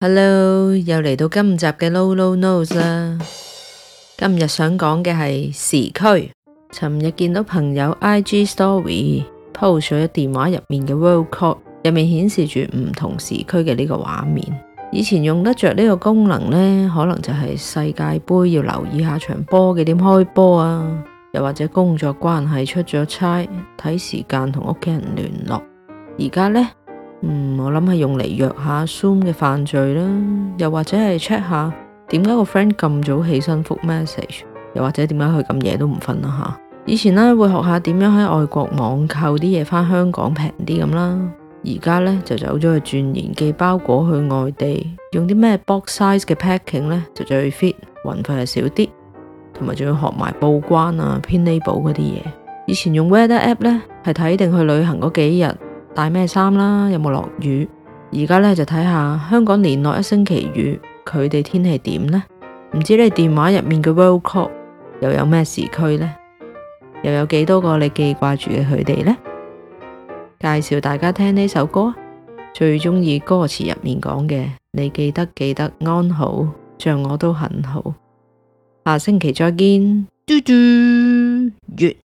Hello，又嚟到今集嘅 Low Low Notes 啦。今日想講嘅係時區。尋日見到朋友 IG Story post 咗電話入面嘅 World Cup，入面顯示住唔同時區嘅呢個畫面。以前用得着呢個功能咧，可能就係世界杯要留意下場波幾點開波啊，又或者工作關係出咗差睇時間同屋企人聯絡。而家呢。嗯，我諗係用嚟約下 Zoom 嘅飯聚啦，又或者係 check 下點解個 friend 咁早起身覆 message，又或者點解佢咁夜都唔瞓啦吓。以前呢，會學下點樣喺外國網購啲嘢返香港平啲咁啦，而家呢就走咗去鑽研寄包裹去外地，用啲咩 box size 嘅 packing 呢，就最 fit，運費又少啲，同埋仲要學埋報關啊、編 label 嗰啲嘢。以前用 Weather App 呢，係睇定去旅行嗰幾日。帶咩衫啦？有冇落雨？而家咧就睇下香港連落一星期雨，佢哋天氣點咧？唔知道你電話入面嘅 World Cup 又有咩時區呢？又有幾多少個你記掛住嘅佢哋呢？介紹大家聽呢首歌，最中意歌詞入面講嘅，你記得記得安好，像我都很好。下星期再見，嘟嘟月。